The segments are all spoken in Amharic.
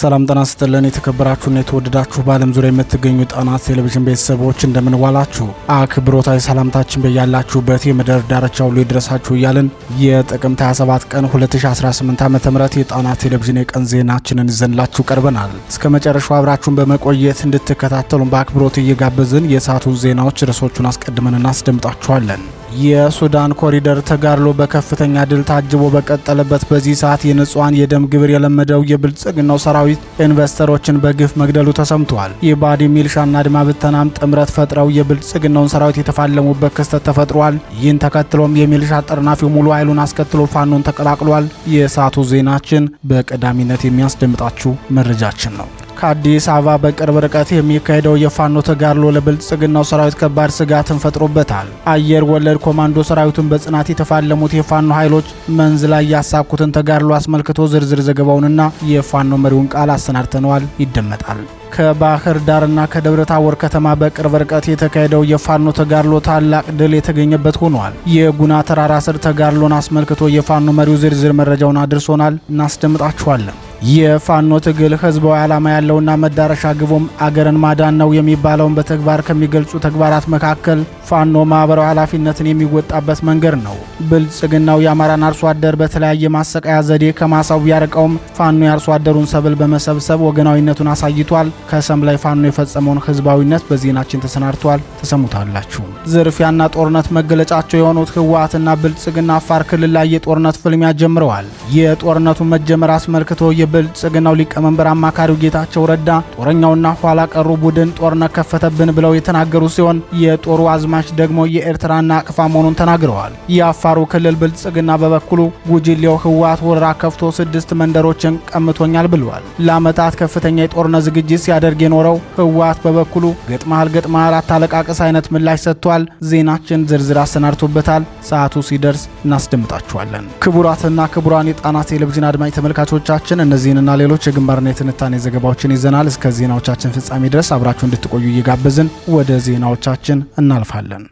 ሰላም ጤና ይስጥልን የተከበራችሁና የተወደዳችሁ በዓለም ዙሪያ የምትገኙ ጣና ቴሌቪዥን ቤተሰቦች እንደምንዋላችሁ አክብሮታዊ ሰላምታችን በያላችሁበት የምድር ዳርቻ ሁሉ ይድረሳችሁ እያልን የጥቅምት 27 ቀን 2018 ዓ ም የጣና ቴሌቪዥን የቀን ዜናችንን ይዘንላችሁ ቀርበናል። እስከ መጨረሻው አብራችሁን በመቆየት እንድትከታተሉን በአክብሮት እየጋበዝን የሰዓቱ ዜናዎች ርዕሶቹን አስቀድመን እናስደምጣችኋለን። የሱዳን ኮሪደር ተጋድሎ በከፍተኛ ድል ታጅቦ በቀጠለበት በዚህ ሰዓት የንጹሐን የደም ግብር የለመደው የብልጽግናው ሰራዊት ኢንቨስተሮችን በግፍ መግደሉ ተሰምቷል። የባዲ ሚልሻና አድማ ብተናም ጥምረት ፈጥረው የብልጽግናውን ሰራዊት የተፋለሙበት ክስተት ተፈጥሯል። ይህን ተከትሎም የሚልሻ ጠርናፊው ሙሉ ኃይሉን አስከትሎ ፋኖን ተቀላቅሏል። የሰዓቱ ዜናችን በቀዳሚነት የሚያስደምጣችሁ መረጃችን ነው። ከአዲስ አበባ በቅርብ ርቀት የሚካሄደው የፋኖ ተጋድሎ ለብልጽግናው ሰራዊት ከባድ ስጋትን ፈጥሮበታል። አየር ወለድ ኮማንዶ ሰራዊቱን በጽናት የተፋለሙት የፋኖ ኃይሎች መንዝ ላይ ያሳኩትን ተጋድሎ አስመልክቶ ዝርዝር ዘገባውንና የፋኖ መሪውን ቃል አሰናድተነዋል፣ ይደመጣል። ከባህር ዳርና ከደብረ ታቦር ከተማ በቅርብ ርቀት የተካሄደው የፋኖ ተጋድሎ ታላቅ ድል የተገኘበት ሆኗል። የጉና ተራራ ስር ተጋድሎን አስመልክቶ የፋኖ መሪው ዝርዝር መረጃውን አድርሶናል፣ እናስደምጣችኋለን። የፋኖ ትግል ህዝባዊ ዓላማ ያለውና መዳረሻ ግቡም አገርን ማዳን ነው የሚባለውን በተግባር ከሚገልጹ ተግባራት መካከል ፋኖ ማህበራዊ ኃላፊነትን የሚወጣበት መንገድ ነው። ብልጽግናው የአማራን አርሶ አደር በተለያየ ማሰቃያ ዘዴ ከማሳው ቢያርቀውም ፋኖ የአርሶ አደሩን ሰብል በመሰብሰብ ወገናዊነቱን አሳይቷል። ከሰም ላይ ፋኖ የፈጸመውን ህዝባዊነት በዜናችን ተሰናድቷል። ተሰሙታላችሁ። ዝርፊያና ጦርነት መገለጫቸው የሆኑት ህወሓትና ብልጽግና አፋር ክልል ላይ የጦርነት ፍልሚያ ጀምረዋል። የጦርነቱን መጀመር አስመልክቶ የብልጽግናው ሊቀመንበር አማካሪው ጌታቸው ረዳ ጦረኛውና ኋላ ቀሩ ቡድን ጦርነት ከፈተብን ብለው የተናገሩ ሲሆን የጦሩ አዝማች ደግሞ የኤርትራና አቅፋ መሆኑን ተናግረዋል። የአፋሩ ክልል ብልጽግና በበኩሉ ጉጅሌው ህወሓት ወረራ ከፍቶ ስድስት መንደሮችን ቀምቶኛል ብለዋል። ለዓመታት ከፍተኛ የጦርነት ዝግጅት ሲያደርግ የኖረው ህወሓት በበኩሉ ገጥመሃል ገጥመሃል አታለቃቅስ አይነት ምላሽ ሰጥቷል። ዜናችን ዝርዝር አሰናድቶበታል። ሰዓቱ ሲደርስ እናስደምጣችኋለን። ክቡራትና ክቡራን የጣና ቴሌቪዥን አድማጭ ተመልካቾቻችን እነዚህንና ሌሎች የግንባርና የትንታኔ ዘገባዎችን ይዘናል። እስከ ዜናዎቻችን ፍጻሜ ድረስ አብራችሁ እንድትቆዩ እየጋበዝን ወደ ዜናዎቻችን እናልፋለን።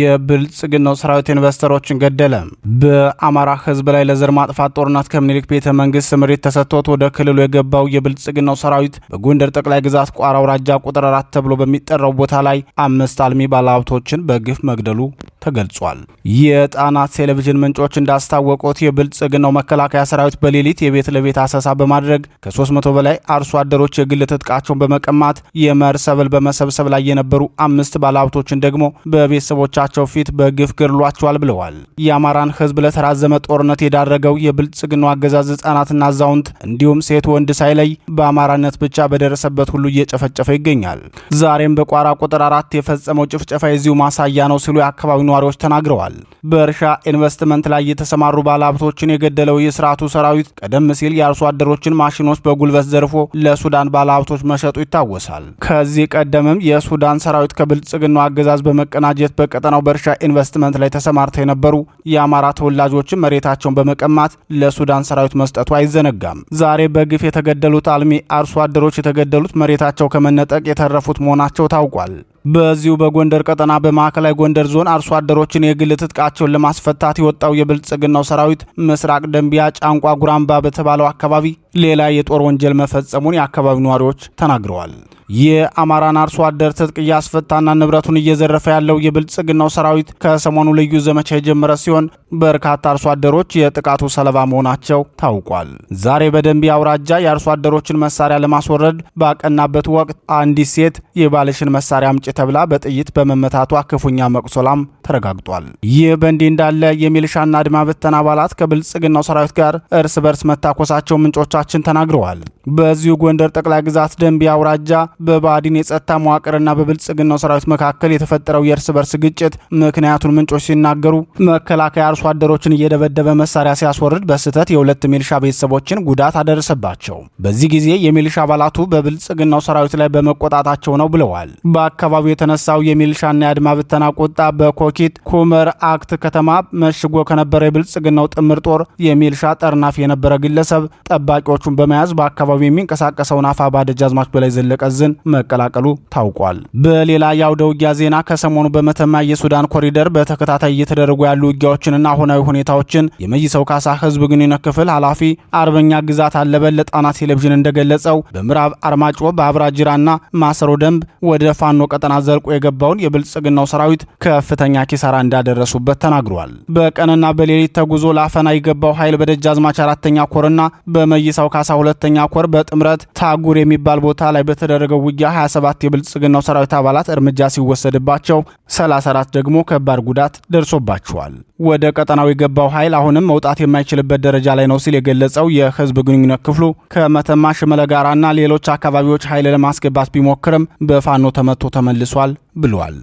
የብልጽግናው ሰራዊት ኢንቨስተሮችን ገደለ። በአማራ ህዝብ ላይ ለዘር ማጥፋት ጦርነት ከምኒልክ ቤተ መንግስት ስምሪት ተሰጥቶት ወደ ክልሉ የገባው የብልጽግናው ሰራዊት በጎንደር ጠቅላይ ግዛት ቋራ አውራጃ ቁጥር አራት ተብሎ በሚጠራው ቦታ ላይ አምስት አልሚ ባለሀብቶችን በግፍ መግደሉ ተገልጿል። የጣና ቴሌቪዥን ምንጮች እንዳስታወቁት የብልጽግናው መከላከያ ሰራዊት በሌሊት የቤት ለቤት አሰሳ በማድረግ ከ300 በላይ አርሶ አደሮች የግል ትጥቃቸውን በመቀማት የመር ሰብል በመሰብሰብ ላይ የነበሩ አምስት ባለሀብቶችን ደግሞ በቤተሰቦቻቸው ፊት በግፍ ገድሏቸዋል ብለዋል። የአማራን ሕዝብ ለተራዘመ ጦርነት የዳረገው የብልጽግናው አገዛዝ ህጻናትና አዛውንት እንዲሁም ሴት ወንድ ሳይለይ በአማራነት ብቻ በደረሰበት ሁሉ እየጨፈጨፈ ይገኛል። ዛሬም በቋራ ቁጥር አራት የፈጸመው ጭፍጨፋ የዚሁ ማሳያ ነው ሲሉ የአካባቢው ነዋሪዎች ተናግረዋል። በእርሻ ኢንቨስትመንት ላይ የተሰማሩ ባለሀብቶችን የገደለው የስርዓቱ ሰራዊት ቀደም ሲል የአርሶ አደሮችን ማሽኖች በጉልበት ዘርፎ ለሱዳን ባለሀብቶች መሸጡ ይታወሳል። ከዚህ ቀደምም የሱዳን ሰራዊት ከብልጽግናው አገዛዝ በመቀናጀት በቀጠናው በእርሻ ኢንቨስትመንት ላይ ተሰማርተው የነበሩ የአማራ ተወላጆችን መሬታቸውን በመቀማት ለሱዳን ሰራዊት መስጠቱ አይዘነጋም። ዛሬ በግፍ የተገደሉት አልሚ አርሶ አደሮች የተገደሉት መሬታቸው ከመነጠቅ የተረፉት መሆናቸው ታውቋል። በዚሁ በጎንደር ቀጠና በማዕከላዊ ጎንደር ዞን አርሶ አደሮችን የግል ትጥቃቸውን ለማስፈታት የወጣው የብልጽግናው ሰራዊት ምስራቅ ደንቢያ ጫንቋ ጉራምባ በተባለው አካባቢ ሌላ የጦር ወንጀል መፈጸሙን የአካባቢው ነዋሪዎች ተናግረዋል። የአማራን አርሶ አደር ትጥቅ እያስፈታና ንብረቱን እየዘረፈ ያለው የብልጽግናው ሰራዊት ከሰሞኑ ልዩ ዘመቻ የጀመረ ሲሆን በርካታ አርሶ አደሮች የጥቃቱ ሰለባ መሆናቸው ታውቋል። ዛሬ በደንቢ አውራጃ የአርሶ አደሮችን መሳሪያ ለማስወረድ ባቀናበት ወቅት አንዲት ሴት የባልሽን መሳሪያ አምጪ ተብላ በጥይት በመመታቷ ክፉኛ መቁሰሏም ተረጋግጧል። ይህ በእንዲህ እንዳለ የሚልሻና አድማ ብተና አባላት ከብልጽግናው ሰራዊት ጋር እርስ በርስ መታኮሳቸው ምንጮቻችን ተናግረዋል። በዚሁ ጎንደር ጠቅላይ ግዛት ደንቢ አውራጃ በባዲን የጸጥታ መዋቅርና በብልጽግናው ሰራዊት መካከል የተፈጠረው የእርስ በርስ ግጭት ምክንያቱን ምንጮች ሲናገሩ መከላከያ አርሶ አደሮችን እየደበደበ መሳሪያ ሲያስወርድ በስህተት የሁለት ሚሊሻ ቤተሰቦችን ጉዳት አደረሰባቸው። በዚህ ጊዜ የሚሊሻ አባላቱ በብልጽግናው ሰራዊት ላይ በመቆጣታቸው ነው ብለዋል። በአካባቢው የተነሳው የሚሊሻና የአድማ ብተና ቁጣ በኮኪት ኩመር አክት ከተማ መሽጎ ከነበረ የብልጽግናው ጥምር ጦር የሚሊሻ ጠርናፊ የነበረ ግለሰብ ጠባቂዎቹን በመያዝ በአካባቢው የሚንቀሳቀሰውን አፋ ባደጃዝማች በላይ ዘለቀ እዝን መቀላቀሉ ታውቋል። በሌላ የአውደ ውጊያ ዜና ከሰሞኑ በመተማ የሱዳን ኮሪደር በተከታታይ እየተደረጉ ያሉ ውጊያዎችንና አሁናዊ ሁኔታዎችን የመይሰው ካሳ ህዝብ ግንኙነት ክፍል ኃላፊ አርበኛ ግዛት አለበል ለጣና ቴሌቪዥን እንደገለጸው በምዕራብ አርማጮ በአብራጅራና ማሰሮ ደንብ ወደ ፋኖ ቀጠና ዘልቆ የገባውን የብልጽግናው ሰራዊት ከፍተኛ ኪሳራ እንዳደረሱበት ተናግሯል። በቀንና በሌሊት ተጉዞ ለአፈና የገባው ኃይል በደጃዝማች አራተኛ ኮርና በመይሳው ካሳ ሁለተኛ ኮር በጥምረት ታጉር የሚባል ቦታ ላይ በተደረገው በተደረገው ውጊያ 27 የብልጽግናው ሰራዊት አባላት እርምጃ ሲወሰድባቸው 34 ደግሞ ከባድ ጉዳት ደርሶባቸዋል። ወደ ቀጠናው የገባው ኃይል አሁንም መውጣት የማይችልበት ደረጃ ላይ ነው ሲል የገለጸው የህዝብ ግንኙነት ክፍሉ ከመተማ ሽመለ ጋራና ሌሎች አካባቢዎች ኃይል ለማስገባት ቢሞክርም በፋኖ ተመቶ ተመልሷል ብሏል።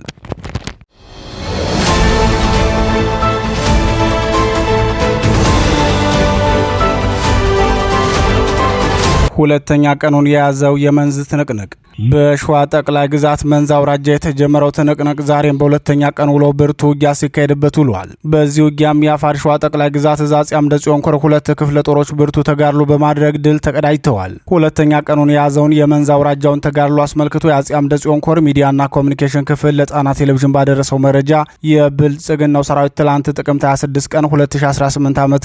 ሁለተኛ ቀኑን የያዘው የመንዝ ትንቅንቅ በሸዋ ጠቅላይ ግዛት መንዝ አውራጃ የተጀመረው ትንቅንቅ ዛሬም በሁለተኛ ቀን ውሎ ብርቱ ውጊያ ሲካሄድበት ውሏል። በዚህ ውጊያም የአፋር ሸዋ ጠቅላይ ግዛት እዝ አፄ አምደ ጽዮን ኮር ሁለት ክፍለ ጦሮች ብርቱ ተጋድሎ በማድረግ ድል ተቀዳጅተዋል። ሁለተኛ ቀኑን የያዘውን የመንዝ አውራጃውን ተጋድሎ አስመልክቶ የአፄ አምደ ጽዮን ኮር ሚዲያና ኮሚኒኬሽን ክፍል ለጣና ቴሌቪዥን ባደረሰው መረጃ የብልጽግናው ሰራዊት ትላንት ጥቅምት 26 ቀን 2018 ዓ ም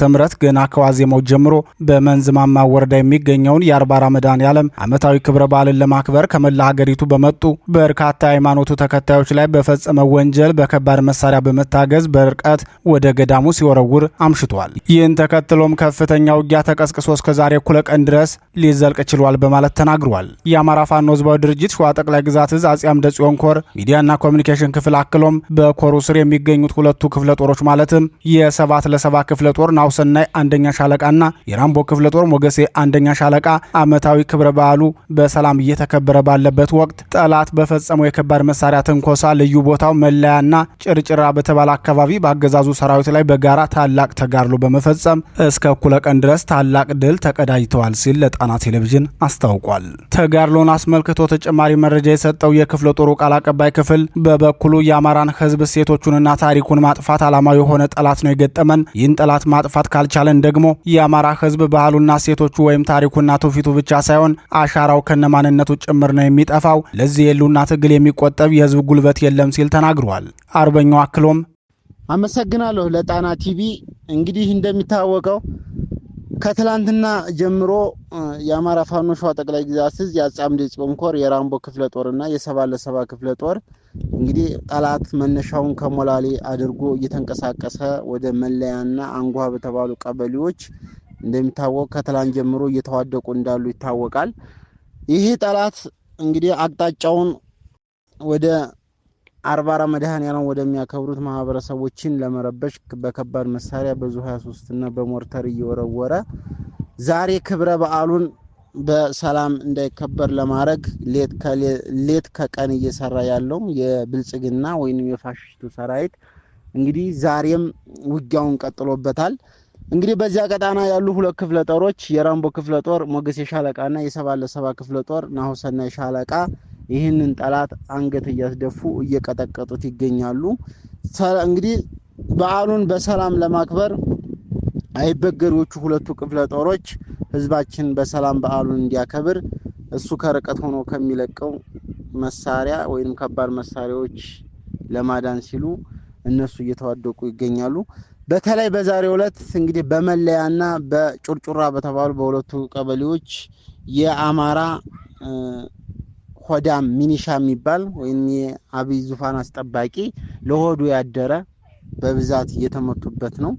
ገና ከዋዜማው ጀምሮ በመንዝ ማማ ወረዳ የሚገኘውን የአርባራ መድኃኔ ዓለም ዓመታዊ ክብረ በዓልን ለማክበር ከመላ ሀገሪቱ በመጡ በርካታ ሃይማኖቱ ተከታዮች ላይ በፈጸመው ወንጀል በከባድ መሳሪያ በመታገዝ በርቀት ወደ ገዳሙ ሲወረውር አምሽቷል። ይህን ተከትሎም ከፍተኛ ውጊያ ተቀስቅሶ እስከዛሬ እኩለ ቀን ድረስ ሊዘልቅ ችሏል በማለት ተናግሯል። የአማራ ፋኖ ህዝባዊ ድርጅት ሸዋ ጠቅላይ ግዛት እዝ አጼ አምደ ጽዮን ኮር ሚዲያና ኮሚኒኬሽን ክፍል አክሎም በኮሩ ስር የሚገኙት ሁለቱ ክፍለ ጦሮች ማለትም የሰባት ለሰባ ክፍለ ጦር ናውሰናይ አንደኛ ሻለቃና የራምቦ ክፍለ ጦር ሞገሴ አንደኛ ሻለቃ ዓመታዊ ክብረ በዓሉ በሰላም እየተከበረ ባለበት ወቅት ጠላት በፈጸመው የከባድ መሳሪያ ትንኮሳ ልዩ ቦታው መለያና ጭርጭራ በተባለ አካባቢ በአገዛዙ ሰራዊት ላይ በጋራ ታላቅ ተጋድሎ በመፈጸም እስከ እኩለ ቀን ድረስ ታላቅ ድል ተቀዳጅተዋል ሲል ለጣና ቴሌቪዥን አስታውቋል። ተጋድሎን አስመልክቶ ተጨማሪ መረጃ የሰጠው የክፍለ ጦሩ ቃል አቀባይ ክፍል በበኩሉ የአማራን ህዝብ እሴቶቹንና ታሪኩን ማጥፋት ዓላማው የሆነ ጠላት ነው የገጠመን። ይህን ጠላት ማጥፋት ካልቻለን ደግሞ የአማራ ህዝብ ባህሉና እሴቶቹ ወይም ታሪኩና ትውፊቱ ብቻ ሳይሆን አሻራው ከነማንነቱ ጭምር ነው የሚጠፋው። ለዚህ የሉና ትግል የሚቆጠብ የህዝብ ጉልበት የለም ሲል ተናግሯል። አርበኛው አክሎም አመሰግናለሁ ለጣና ቲቪ። እንግዲህ እንደሚታወቀው ከትላንትና ጀምሮ የአማራ ፋኖ ሸዋ ጠቅላይ ግዛት ዕዝ የአጻምዴ ጽዮን ኮር የራምቦ ክፍለ ጦርና የሰባ ለሰባ ክፍለ ጦር እንግዲህ ጠላት መነሻውን ከሞላሌ አድርጎ እየተንቀሳቀሰ ወደ መለያና አንጓ በተባሉ ቀበሌዎች እንደሚታወቅ ከትላንት ጀምሮ እየተዋደቁ እንዳሉ ይታወቃል። ይሄ ጠላት እንግዲህ አቅጣጫውን ወደ አርባራ መድኃኔዓለም ወደሚያከብሩት ማህበረሰቦችን ለመረበሽ በከባድ መሳሪያ በዙ 23 እና በሞርተር እየወረወረ ዛሬ ክብረ በዓሉን በሰላም እንዳይከበር ለማድረግ ሌት ከቀን እየሰራ ያለው የብልጽግና ወይም የፋሽስቱ ሰራዊት እንግዲህ ዛሬም ውጊያውን ቀጥሎበታል። እንግዲህ በዚያ ቀጣና ያሉ ሁለት ክፍለ ጦሮች የራምቦ ክፍለ ጦር ሞገስ የሻለቃና የሰባ ለሰባ ክፍለ ጦር ናሁሰናይ ሻለቃ ይህንን ጠላት አንገት እያስደፉ እየቀጠቀጡት ይገኛሉ። እንግዲህ በዓሉን በሰላም ለማክበር አይበገሪዎቹ ሁለቱ ክፍለ ጦሮች ህዝባችን በሰላም በዓሉን እንዲያከብር እሱ ከርቀት ሆኖ ከሚለቀው መሳሪያ ወይም ከባድ መሳሪያዎች ለማዳን ሲሉ እነሱ እየተዋደቁ ይገኛሉ። በተለይ በዛሬው ዕለት እንግዲህ በመለያና በጩርጩራ በተባሉ በሁለቱ ቀበሌዎች የአማራ ሆዳም ሚኒሻ የሚባል ወይም የአብይ ዙፋን አስጠባቂ ለሆዱ ያደረ በብዛት እየተመቱበት ነው።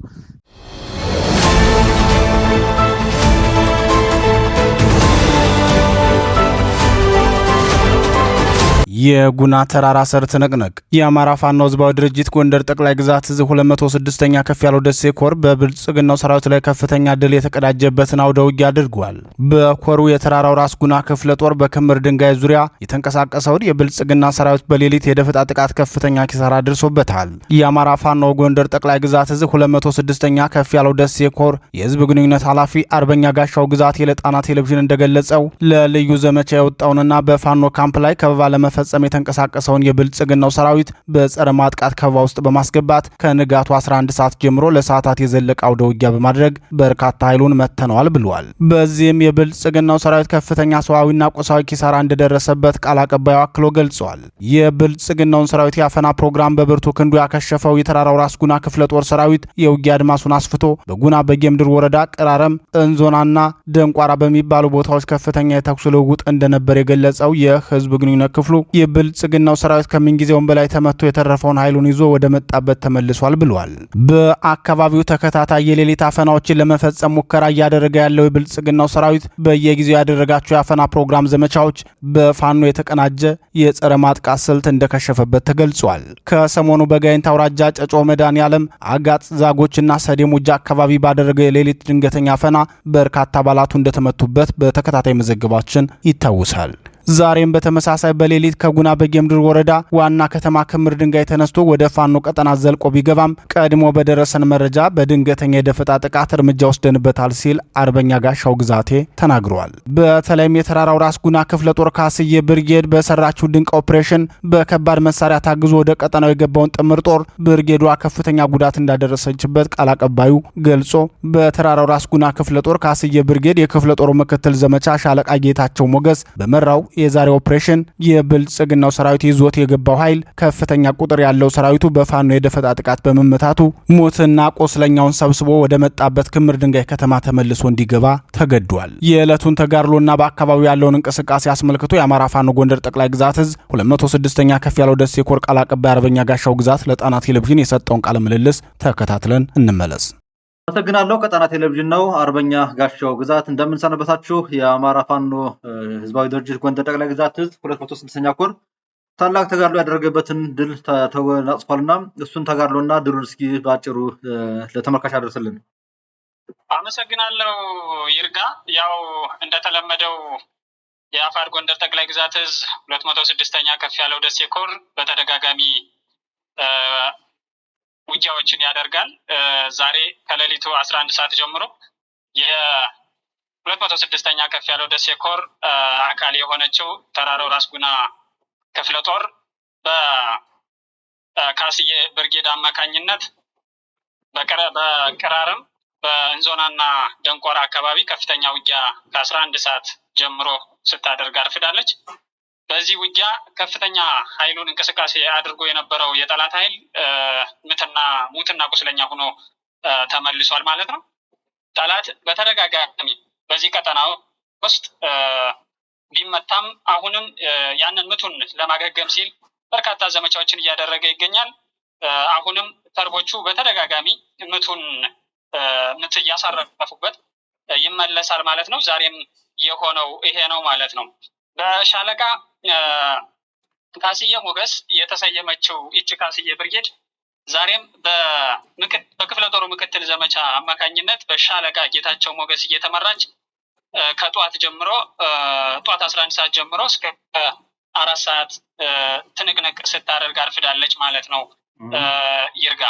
የጉና ተራራ ስር ትንቅንቅ የአማራ ፋኖ ህዝባዊ ድርጅት ጎንደር ጠቅላይ ግዛት እዝ 206ኛ ከፍ ያለው ደሴ ኮር በብልጽግናው ሰራዊት ላይ ከፍተኛ ድል የተቀዳጀበትን አውደ ውጊያ አድርጓል። በኮሩ የተራራው ራስ ጉና ክፍለ ጦር በክምር ድንጋይ ዙሪያ የተንቀሳቀሰውን የብልጽግና ሰራዊት በሌሊት የደፈጣ ጥቃት ከፍተኛ ኪሳራ ደርሶበታል። የአማራ ፋኖ ጎንደር ጠቅላይ ግዛት እዝ 206ኛ ከፍ ያለው ደሴ ኮር የህዝብ ግንኙነት ኃላፊ አርበኛ ጋሻው ግዛት ለጣና ቴሌቪዥን እንደገለጸው ለልዩ ዘመቻ የወጣውንና በፋኖ ካምፕ ላይ ከበባ ለመፈጸም ለማስፈጸም የተንቀሳቀሰውን የብልጽግናው ሰራዊት በጸረ ማጥቃት ከበባ ውስጥ በማስገባት ከንጋቱ 11 ሰዓት ጀምሮ ለሰዓታት የዘለቀ አውደ ውጊያ በማድረግ በርካታ ኃይሉን መተነዋል ብለዋል። በዚህም የብልጽግናው ሰራዊት ከፍተኛ ሰዋዊና ቁሳዊ ኪሳራ እንደደረሰበት ቃል አቀባዩ አክሎ ገልጿል። የብልጽግናውን ሰራዊት የአፈና ፕሮግራም በብርቱ ክንዱ ያከሸፈው የተራራው ራስ ጉና ክፍለ ጦር ሰራዊት የውጊያ አድማሱን አስፍቶ በጉና በጌምድር ወረዳ ቅራረም፣ እንዞናና ደንቋራ በሚባሉ ቦታዎች ከፍተኛ የተኩስ ልውውጥ እንደነበር የገለጸው የህዝብ ግንኙነት ክፍሉ የብልጽግናው ሰራዊት ከምንጊዜውም በላይ ተመቶ የተረፈውን ኃይሉን ይዞ ወደ መጣበት ተመልሷል ብሏል። በአካባቢው ተከታታይ የሌሊት አፈናዎችን ለመፈጸም ሙከራ እያደረገ ያለው የብልጽግናው ሰራዊት በየጊዜው ያደረጋቸው የአፈና ፕሮግራም ዘመቻዎች በፋኖ የተቀናጀ የጸረ ማጥቃት ስልት እንደከሸፈበት ተገልጿል። ከሰሞኑ በጋይንት አውራጃ ጨጮ መድኃኔ ዓለም፣ አጋጥ ዛጎችና ሰዴሙጃ አካባቢ ባደረገው የሌሊት ድንገተኛ አፈና በርካታ አባላቱ እንደተመቱበት በተከታታይ መዘግባችን ይታወሳል። ዛሬም በተመሳሳይ በሌሊት ከጉና በጌምድር ወረዳ ዋና ከተማ ክምር ድንጋይ ተነስቶ ወደ ፋኖ ቀጠና ዘልቆ ቢገባም ቀድሞ በደረሰን መረጃ በድንገተኛ የደፈጣ ጥቃት እርምጃ ወስደንበታል ሲል አርበኛ ጋሻው ግዛቴ ተናግረዋል። በተለይም የተራራው ራስ ጉና ክፍለ ጦር ካስዬ ብርጌድ በሰራችው ድንቅ ኦፕሬሽን በከባድ መሳሪያ ታግዞ ወደ ቀጠናው የገባውን ጥምር ጦር ብርጌዷ ከፍተኛ ጉዳት እንዳደረሰችበት ቃል አቀባዩ ገልጾ በተራራው ራስ ጉና ክፍለ ጦር ካስዬ ብርጌድ የክፍለ ጦሩ ምክትል ዘመቻ ሻለቃ ጌታቸው ሞገስ በመራው የዛሬ ኦፕሬሽን የብልጽግናው ሰራዊት ይዞት የገባው ኃይል ከፍተኛ ቁጥር ያለው ሰራዊቱ በፋኖ የደፈጣ ጥቃት በመመታቱ ሞትና ቆስለኛውን ሰብስቦ ወደ መጣበት ክምር ድንጋይ ከተማ ተመልሶ እንዲገባ ተገዷል። የዕለቱን ተጋድሎና በአካባቢው ያለውን እንቅስቃሴ አስመልክቶ የአማራ ፋኖ ጎንደር ጠቅላይ ግዛት እዝ 26ኛ ከፍ ያለው ደሴ ኮር ቃል አቀባይ አርበኛ ጋሻው ግዛት ለጣና ቴሌቪዥን የሰጠውን ቃለ ምልልስ ተከታትለን እንመለስ። አመሰግናለሁ። ከጣና ቴሌቪዥን ነው። አርበኛ ጋሻው ግዛት እንደምንሰነበታችሁ። የአማራ ፋኖ ህዝባዊ ድርጅት ጎንደር ጠቅላይ ግዛት እዝ 206ኛ ኮር ታላቅ ተጋድሎ ያደረገበትን ድል ተጎናጽፏልና እሱን ተጋድሎና ድሉን እስኪ በአጭሩ ለተመልካች አደርስልን። አመሰግናለሁ ይርጋ። ያው እንደተለመደው የአፋር ጎንደር ጠቅላይ ግዛት እዝ መቶ ስድስተኛ ከፍ ያለው ደሴ ኮር በተደጋጋሚ ውጊያዎችን ያደርጋል። ዛሬ ከሌሊቱ አስራ አንድ ሰዓት ጀምሮ የሁለት መቶ ስድስተኛ ከፍ ያለው ደሴ ኮር አካል የሆነችው ተራራው ራስ ጉና ክፍለ ጦር በካስዬ ብርጌድ አማካኝነት በቅራርም በእንዞናና ደንቆራ አካባቢ ከፍተኛ ውጊያ ከአስራ አንድ ሰዓት ጀምሮ ስታደርግ አርፍዳለች። በዚህ ውጊያ ከፍተኛ ኃይሉን እንቅስቃሴ አድርጎ የነበረው የጠላት ኃይል ምትና ሙትና ቁስለኛ ሆኖ ተመልሷል ማለት ነው። ጠላት በተደጋጋሚ በዚህ ቀጠና ውስጥ ቢመታም አሁንም ያንን ምቱን ለማገገም ሲል በርካታ ዘመቻዎችን እያደረገ ይገኛል። አሁንም ተርቦቹ በተደጋጋሚ ምቱን ምት እያሳረፉበት ይመለሳል ማለት ነው። ዛሬም የሆነው ይሄ ነው ማለት ነው። በሻለቃ ካስዬ ሞገስ የተሰየመችው ይች ካስዬ ብርጌድ ዛሬም በክፍለ ጦሩ ምክትል ዘመቻ አማካኝነት በሻለቃ ጌታቸው ሞገስ እየተመራች ከጠዋት ጀምሮ ጠዋት አስራ አንድ ሰዓት ጀምሮ እስከ አራት ሰዓት ትንቅንቅ ስታደርግ አርፍዳለች ማለት ነው። ይርጋ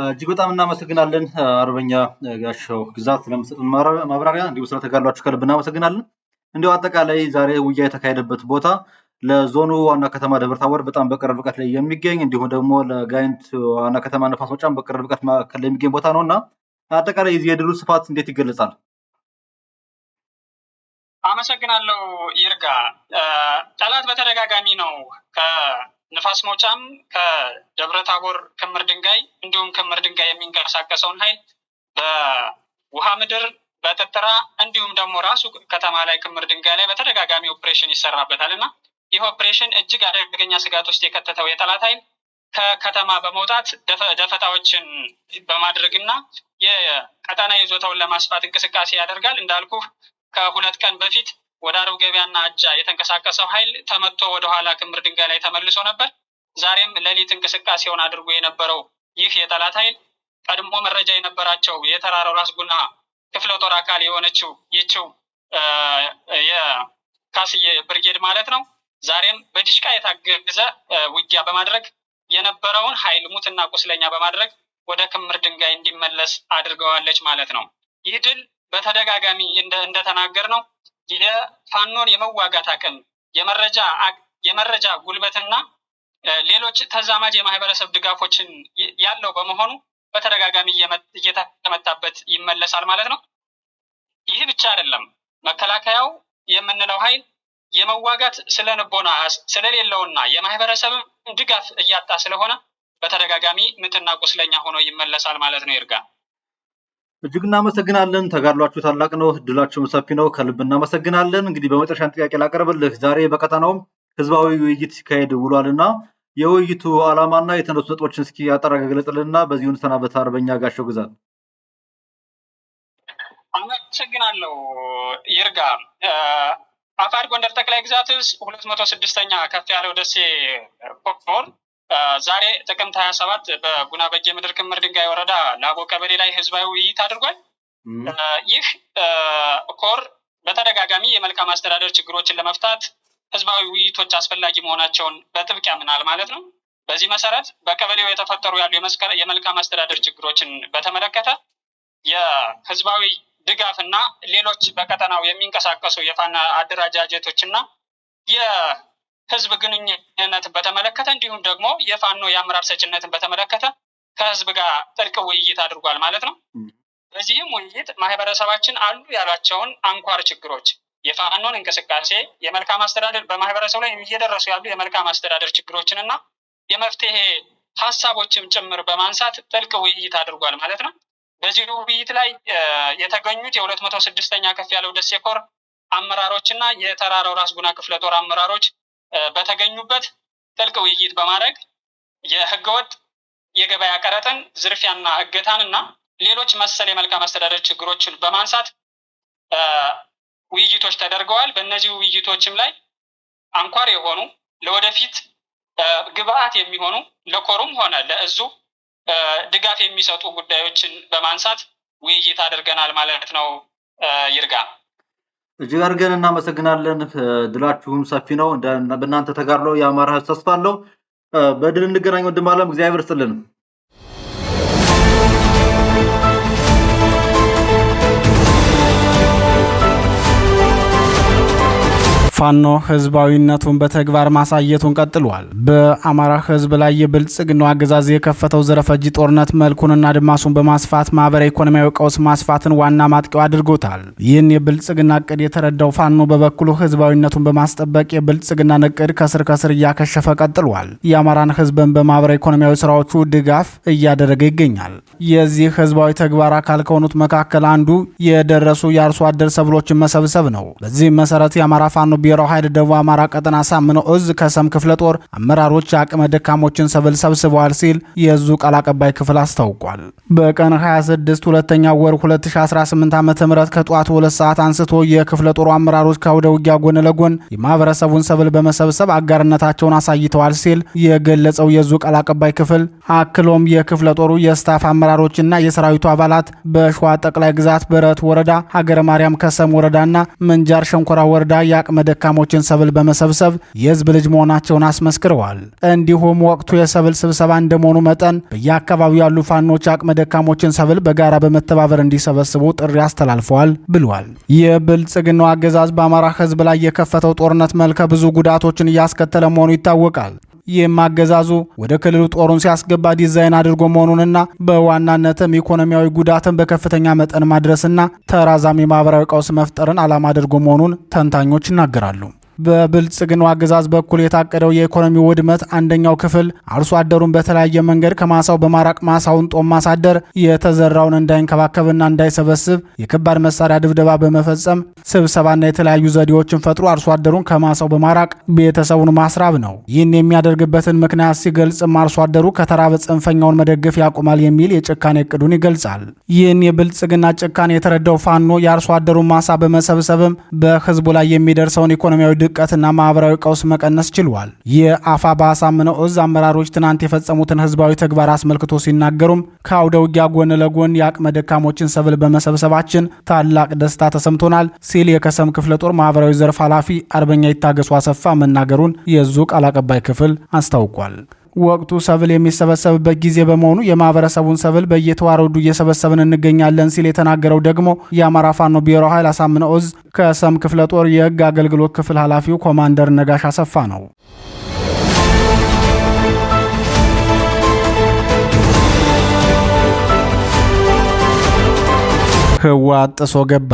እጅግ በጣም እናመሰግናለን። አርበኛ ጋሻው ግዛት ለምሰጡን ማብራሪያ እንዲሁ ስለተጋሏችሁ ከልብ እናመሰግናለን። እንዲሁ አጠቃላይ ዛሬ ውጊያ የተካሄደበት ቦታ ለዞኑ ዋና ከተማ ደብረታቦር በጣም በቅርብ ርቀት ላይ የሚገኝ እንዲሁም ደግሞ ለጋይንት ዋና ከተማ ነፋስ መውጫም በቅርብ ርቀት መካከል የሚገኝ ቦታ ነው እና አጠቃላይ የዚህ የድሉ ስፋት እንዴት ይገለጻል? አመሰግናለሁ ይርጋ። ጠላት በተደጋጋሚ ነው ከንፋስ መውጫም ከደብረታቦር ክምር ድንጋይ እንዲሁም ክምር ድንጋይ የሚንቀሳቀሰውን ኃይል በውሃ ምድር በጥርጥራ እንዲሁም ደግሞ ራሱ ከተማ ላይ ክምር ድንጋይ ላይ በተደጋጋሚ ኦፕሬሽን ይሰራበታል እና ይህ ኦፕሬሽን እጅግ አደገኛ ስጋት ውስጥ የከተተው የጠላት ኃይል ከከተማ በመውጣት ደፈጣዎችን በማድረግ እና የቀጠና ይዞታውን ለማስፋት እንቅስቃሴ ያደርጋል። እንዳልኩ ከሁለት ቀን በፊት ወደ አረብ ገበያና አጃ የተንቀሳቀሰው ኃይል ተመቶ ወደኋላ ክምር ድንጋይ ላይ ተመልሶ ነበር። ዛሬም ሌሊት እንቅስቃሴውን አድርጎ የነበረው ይህ የጠላት ኃይል ቀድሞ መረጃ የነበራቸው የተራራው ራስ ጉና ክፍለ ጦር አካል የሆነችው ይችው የካስዬ ብርጌድ ማለት ነው። ዛሬም በዲሽቃ የታገዘ ውጊያ በማድረግ የነበረውን ኃይል ሙትና ቁስለኛ በማድረግ ወደ ክምር ድንጋይ እንዲመለስ አድርገዋለች ማለት ነው። ይህ ድል በተደጋጋሚ እንደተናገር ነው የፋኖን የመዋጋት አቅም የመረጃ የመረጃ ጉልበትና ሌሎች ተዛማጅ የማህበረሰብ ድጋፎችን ያለው በመሆኑ በተደጋጋሚ እየተመታበት ይመለሳል ማለት ነው። ይህ ብቻ አይደለም። መከላከያው የምንለው ኃይል የመዋጋት ስለ ንቦና ስለሌለውና የማህበረሰብም ድጋፍ እያጣ ስለሆነ በተደጋጋሚ ምትና ቁስለኛ ሆኖ ይመለሳል ማለት ነው። ይርጋ እጅግ እናመሰግናለን። ተጋድሏችሁ ታላቅ ነው፣ ድላችሁም ሰፊ ነው። ከልብ እናመሰግናለን። እንግዲህ በመጨረሻን ጥያቄ ላቀርብልህ። ዛሬ በቀጠናውም ህዝባዊ ውይይት ሲካሄድ ውሏልና የውይይቱ ዓላማና የተነሱ ነጥቦችን እስኪ አጠራ ገለጽልንና በዚሁን ሰናበት አርበኛ ጋሸው ግዛት። አመሰግናለሁ ይርጋ። አፋድ ጎንደር ጠቅላይ ግዛት እዝ ሁለት መቶ ስድስተኛ ከፍ ያለው ደሴ ፖፖር ዛሬ ጥቅምት ሀያ ሰባት በጉና በጌ ምድር ክምር ድንጋይ ወረዳ ላቦ ቀበሌ ላይ ህዝባዊ ውይይት አድርጓል። ይህ ኮር በተደጋጋሚ የመልካም አስተዳደር ችግሮችን ለመፍታት ህዝባዊ ውይይቶች አስፈላጊ መሆናቸውን በጥብቅ ያምናል ማለት ነው። በዚህ መሰረት በቀበሌው የተፈጠሩ ያሉ የመልካም አስተዳደር ችግሮችን በተመለከተ የህዝባዊ ድጋፍ እና ሌሎች በቀጠናው የሚንቀሳቀሱ የፋና አደረጃጀቶች እና የህዝብ ግንኙነትን በተመለከተ እንዲሁም ደግሞ የፋኖ የአመራር ሰጭነትን በተመለከተ ከህዝብ ጋር ጥልቅ ውይይት አድርጓል ማለት ነው። በዚህም ውይይት ማህበረሰባችን አሉ ያሏቸውን አንኳር ችግሮች የፋኖን እንቅስቃሴ የመልካም አስተዳደር በማህበረሰቡ ላይ እየደረሱ ያሉ የመልካም አስተዳደር ችግሮችንና የመፍትሄ ሀሳቦችም ጭምር በማንሳት ጥልቅ ውይይት አድርጓል ማለት ነው። በዚህ ውይይት ላይ የተገኙት የሁለት መቶ ስድስተኛ ከፍ ያለው ደሴ ኮር አመራሮች እና የተራራው ራስ ጉና ክፍለ ጦር አመራሮች በተገኙበት ጥልቅ ውይይት በማድረግ የህገወጥ የገበያ ቀረጥን ዝርፊያና እገታን እና ሌሎች መሰል የመልካም አስተዳደር ችግሮችን በማንሳት ውይይቶች ተደርገዋል። በእነዚህ ውይይቶችም ላይ አንኳር የሆኑ ለወደፊት ግብአት የሚሆኑ ለኮሩም ሆነ ለእዙ ድጋፍ የሚሰጡ ጉዳዮችን በማንሳት ውይይት አድርገናል ማለት ነው። ይርጋ እጅግ አድርገን እናመሰግናለን። ድላችሁም ሰፊ ነው። በእናንተ ተጋድሎ የአማራ ህዝብ ተስፋ አለው። በድል እንገናኝ። ወንድም አለም እግዚአብሔር ስጥልን። ፋኖ ህዝባዊነቱን በተግባር ማሳየቱን ቀጥሏል። በአማራ ህዝብ ላይ የብልጽግናው አገዛዝ የከፈተው ዘረፈጅ ጦርነት መልኩንና አድማሱን በማስፋት ማህበረ ኢኮኖሚያዊ ቀውስ ማስፋትን ዋና ማጥቂያው አድርጎታል። ይህን የብልጽግና እቅድ የተረዳው ፋኖ በበኩሉ ህዝባዊነቱን በማስጠበቅ የብልጽግናን እቅድ ከስር ከስር እያከሸፈ ቀጥሏል። የአማራን ህዝብን በማህበረ ኢኮኖሚያዊ ስራዎቹ ድጋፍ እያደረገ ይገኛል። የዚህ ህዝባዊ ተግባር አካል ከሆኑት መካከል አንዱ የደረሱ የአርሶ አደር ሰብሎችን መሰብሰብ ነው። በዚህም መሰረት የአማራ ፋኖ ብሔራዊ ኃይል ደቡብ አማራ ቀጠና ሳምነው እዝ ከሰም ክፍለ ጦር አመራሮች አቅመ ደካሞችን ሰብል ሰብስበዋል ሲል የእዙ ቃል አቀባይ ክፍል አስታውቋል። በቀን 26 ሁለተኛ ወር 2018 ዓ ም ከጠዋት ሁለት ሰዓት አንስቶ የክፍለ ጦሩ አመራሮች ከአውደ ውጊያ ጎን ለጎን የማህበረሰቡን ሰብል በመሰብሰብ አጋርነታቸውን አሳይተዋል ሲል የገለጸው የእዙ ቃል አቀባይ ክፍል አክሎም የክፍለ ጦሩ የስታፍ አመራሮችና የሰራዊቱ አባላት በሸዋ ጠቅላይ ግዛት በረት ወረዳ ሀገረ ማርያም ከሰም ወረዳና መንጃር ሸንኮራ ወረዳ የአቅመ ደካሞችን ሰብል በመሰብሰብ የህዝብ ልጅ መሆናቸውን አስመስክረዋል። እንዲሁም ወቅቱ የሰብል ስብሰባ እንደመሆኑ መጠን በየአካባቢው ያሉ ፋኖች አቅመ ደካሞችን ሰብል በጋራ በመተባበር እንዲሰበስቡ ጥሪ አስተላልፈዋል ብሏል። የብልጽግናው አገዛዝ በአማራ ህዝብ ላይ የከፈተው ጦርነት መልከ ብዙ ጉዳቶችን እያስከተለ መሆኑ ይታወቃል። ይህም አገዛዙ ወደ ክልሉ ጦሩን ሲያስገባ ዲዛይን አድርጎ መሆኑንና በዋናነትም ኢኮኖሚያዊ ጉዳትን በከፍተኛ መጠን ማድረስና ተራዛሚ ማህበራዊ ቀውስ መፍጠርን ዓላማ አድርጎ መሆኑን ተንታኞች ይናገራሉ። በብልጽግናው አገዛዝ በኩል የታቀደው የኢኮኖሚ ውድመት አንደኛው ክፍል አርሶ አደሩን በተለያየ መንገድ ከማሳው በማራቅ ማሳውን ጦም ማሳደር፣ የተዘራውን እንዳይንከባከብና እንዳይሰበስብ የከባድ መሳሪያ ድብደባ በመፈጸም ስብሰባና የተለያዩ ዘዴዎችን ፈጥሮ አርሶ አደሩን ከማሳው በማራቅ ቤተሰቡን ማስራብ ነው። ይህን የሚያደርግበትን ምክንያት ሲገልጽም አርሶ አደሩ ከተራበ ጽንፈኛውን መደገፍ ያቆማል የሚል የጭካኔ እቅዱን ይገልጻል። ይህን የብልጽግና ጭካኔ የተረዳው ፋኖ የአርሶ አደሩን ማሳ በመሰብሰብም በህዝቡ ላይ የሚደርሰውን ኢኮኖሚያዊ ውድቀትና ማህበራዊ ቀውስ መቀነስ ችሏል። የአፋ ባሳምነው እዝ አመራሮች ትናንት የፈጸሙትን ህዝባዊ ተግባር አስመልክቶ ሲናገሩም ከአውደ ውጊያ ጎን ለጎን የአቅመ ደካሞችን ሰብል በመሰብሰባችን ታላቅ ደስታ ተሰምቶናል ሲል የከሰም ክፍለ ጦር ማህበራዊ ዘርፍ ኃላፊ አርበኛ ይታገሱ አሰፋ መናገሩን የዙ ቃል አቀባይ ክፍል አስታውቋል። ወቅቱ ሰብል የሚሰበሰብበት ጊዜ በመሆኑ የማህበረሰቡን ሰብል በየተዋረዱ እየሰበሰብን እንገኛለን ሲል የተናገረው ደግሞ የአማራ ፋኖ ቢሮ ኃይል አሳምነ ኦዝ ከሰም ክፍለ ጦር የህግ አገልግሎት ክፍል ኃላፊው ኮማንደር ነጋሽ አሰፋ ነው። ህወሓት ጥሶ ገባ።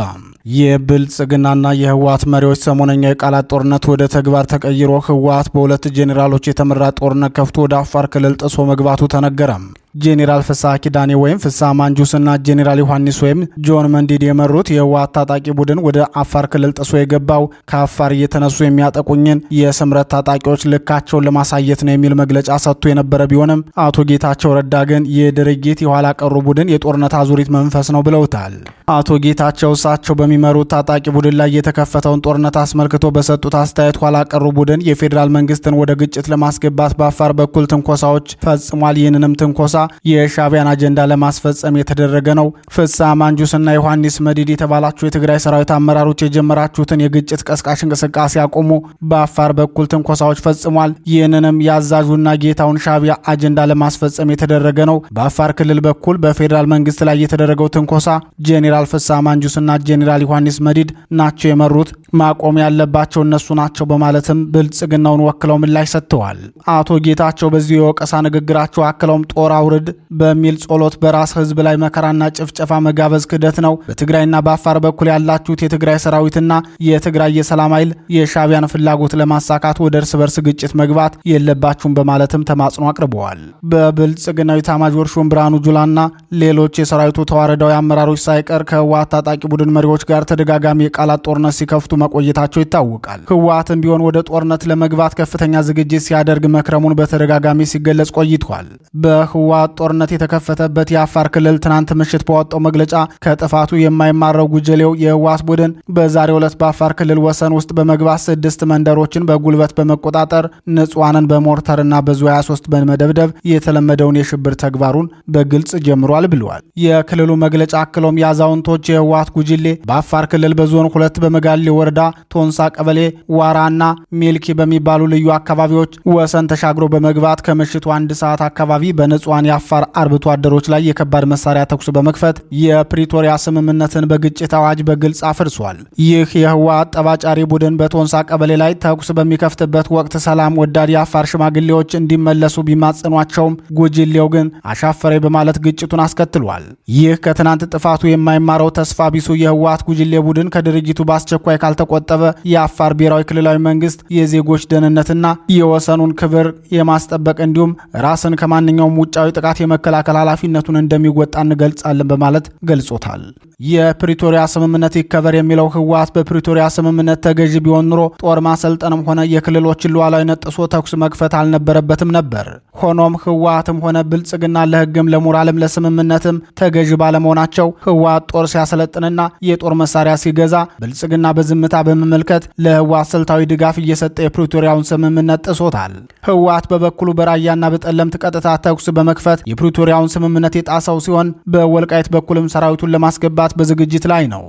የብልጽግናና የህወሀት መሪዎች ሰሞነኛ የቃላት ጦርነት ወደ ተግባር ተቀይሮ ህወሀት በሁለት ጄኔራሎች የተመራ ጦርነት ከፍቶ ወደ አፋር ክልል ጥሶ መግባቱ ተነገረም። ጄኔራል ፍስሐ ኪዳኔ ወይም ፍስሐ ማንጁስና ጄኔራል ዮሐንስ ወይም ጆን መንዲድ የመሩት የህወሓት ታጣቂ ቡድን ወደ አፋር ክልል ጥሶ የገባው ከአፋር እየተነሱ የሚያጠቁኝን የስምረት ታጣቂዎች ልካቸውን ለማሳየት ነው የሚል መግለጫ ሰጥቶ የነበረ ቢሆንም አቶ ጌታቸው ረዳ ግን የድርጊት የኋላ ቀሩ ቡድን የጦርነት አዙሪት መንፈስ ነው ብለውታል። አቶ ጌታቸው እሳቸው በሚመሩት ታጣቂ ቡድን ላይ የተከፈተውን ጦርነት አስመልክቶ በሰጡት አስተያየት ኋላ ቀሩ ቡድን የፌዴራል መንግስትን ወደ ግጭት ለማስገባት በአፋር በኩል ትንኮሳዎች ፈጽሟል። ይህንንም ትንኮሳ የሻቢያን አጀንዳ ለማስፈጸም የተደረገ ነው። ፍሳ ማንጁስና ዮሐንስ መዲድ የተባላችሁ የትግራይ ሰራዊት አመራሮች የጀመራችሁትን የግጭት ቀስቃሽ እንቅስቃሴ አቁሙ። በአፋር በኩል ትንኮሳዎች ፈጽሟል። ይህንንም የአዛዡና ጌታውን ሻቢያ አጀንዳ ለማስፈጸም የተደረገ ነው። በአፋር ክልል በኩል በፌዴራል መንግስት ላይ የተደረገው ትንኮሳ ጄኔራል ፍሳ ማንጁስና ጄኔራል ዮሐንስ መዲድ ናቸው የመሩት። ማቆም ያለባቸው እነሱ ናቸው በማለትም ብልጽግናውን ወክለው ምላሽ ሰጥተዋል። አቶ ጌታቸው በዚሁ የወቀሳ ንግግራቸው አክለውም ጦር አውርድ በሚል ጸሎት በራስ ህዝብ ላይ መከራና ጭፍጨፋ መጋበዝ ክደት ነው። በትግራይና በአፋር በኩል ያላችሁት የትግራይ ሰራዊትና የትግራይ የሰላም ኃይል የሻቢያን ፍላጎት ለማሳካት ወደ እርስ በርስ ግጭት መግባት የለባችሁም በማለትም ተማጽኖ አቅርበዋል። በብልጽግናዊ ታማጆር ሹም ብርሃኑ ጁላና ሌሎች የሰራዊቱ ተዋረዳዊ አመራሮች ሳይቀር ከህወሓት ታጣቂ ቡድን መሪዎች ጋር ተደጋጋሚ የቃላት ጦርነት ሲከፍቱ መቆየታቸው ይታወቃል። ህወሓትም ቢሆን ወደ ጦርነት ለመግባት ከፍተኛ ዝግጅት ሲያደርግ መክረሙን በተደጋጋሚ ሲገለጽ ቆይቷል። በህወሓት ጦርነት የተከፈተበት የአፋር ክልል ትናንት ምሽት በወጣው መግለጫ ከጥፋቱ የማይማረው ጉጅሌው የህወሓት ቡድን በዛሬው ዕለት በአፋር ክልል ወሰን ውስጥ በመግባት ስድስት መንደሮችን በጉልበት በመቆጣጠር ንጹሐንን በሞርተርና በዙ 23 በመደብደብ የተለመደውን የሽብር ተግባሩን በግልጽ ጀምሯል ብለዋል። የክልሉ መግለጫ አክሎም የአዛውንቶች የህወሓት ጉጅሌ በአፋር ክልል በዞን ሁለት በመጋሌ ወረ ወረዳ ቶንሳ ቀበሌ ዋራና ሜልኪ በሚባሉ ልዩ አካባቢዎች ወሰን ተሻግሮ በመግባት ከምሽቱ አንድ ሰዓት አካባቢ በንጹሐን የአፋር አርብቶ አደሮች ላይ የከባድ መሳሪያ ተኩስ በመክፈት የፕሪቶሪያ ስምምነትን በግጭት አዋጅ በግልጽ አፍርሷል። ይህ የህወሓት ጠባጫሪ ቡድን በቶንሳ ቀበሌ ላይ ተኩስ በሚከፍትበት ወቅት ሰላም ወዳድ የአፋር ሽማግሌዎች እንዲመለሱ ቢማጸኗቸውም ጉጅሌው ግን አሻፈሬ በማለት ግጭቱን አስከትሏል። ይህ ከትናንት ጥፋቱ የማይማረው ተስፋ ቢሱ የህወሓት ጉጅሌ ቡድን ከድርጅቱ በአስቸኳይ ካል ካልተቆጠበ የአፋር ብሔራዊ ክልላዊ መንግስት የዜጎች ደህንነትና የወሰኑን ክብር የማስጠበቅ እንዲሁም ራስን ከማንኛውም ውጫዊ ጥቃት የመከላከል ኃላፊነቱን እንደሚወጣ እንገልጻለን በማለት ገልጾታል። የፕሪቶሪያ ስምምነት ይከበር የሚለው ህወሓት በፕሪቶሪያ ስምምነት ተገዢ ቢሆን ኑሮ ጦር ማሰልጠንም ሆነ የክልሎችን ሉዓላዊነት ጥሶ ተኩስ መክፈት አልነበረበትም ነበር። ሆኖም ህወሓትም ሆነ ብልጽግና ለህግም ለሞራልም ለስምምነትም ተገዢ ባለመሆናቸው ህወሓት ጦር ሲያሰለጥንና የጦር መሳሪያ ሲገዛ፣ ብልጽግና በዝምታ በመመልከት ለህወሓት ስልታዊ ድጋፍ እየሰጠ የፕሪቶሪያውን ስምምነት ጥሶታል። ህወሓት በበኩሉ በራያና በጠለምት ቀጥታ ተኩስ በመክፈት የፕሪቶሪያውን ስምምነት የጣሰው ሲሆን በወልቃይት በኩልም ሰራዊቱን ለማስገባት ለማስገባት በዝግጅት ላይ ነው።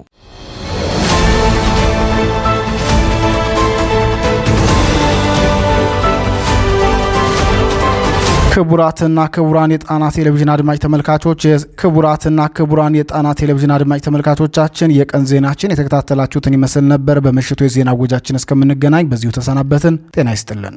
ክቡራትና ክቡራን የጣና ቴሌቪዥን አድማጭ ተመልካቾች ክቡራትና ክቡራን የጣና ቴሌቪዥን አድማጭ ተመልካቾቻችን የቀን ዜናችን የተከታተላችሁትን ይመስል ነበር። በምሽቱ የዜና ጎጃችን እስከምንገናኝ በዚሁ ተሰናበትን። ጤና ይስጥልን።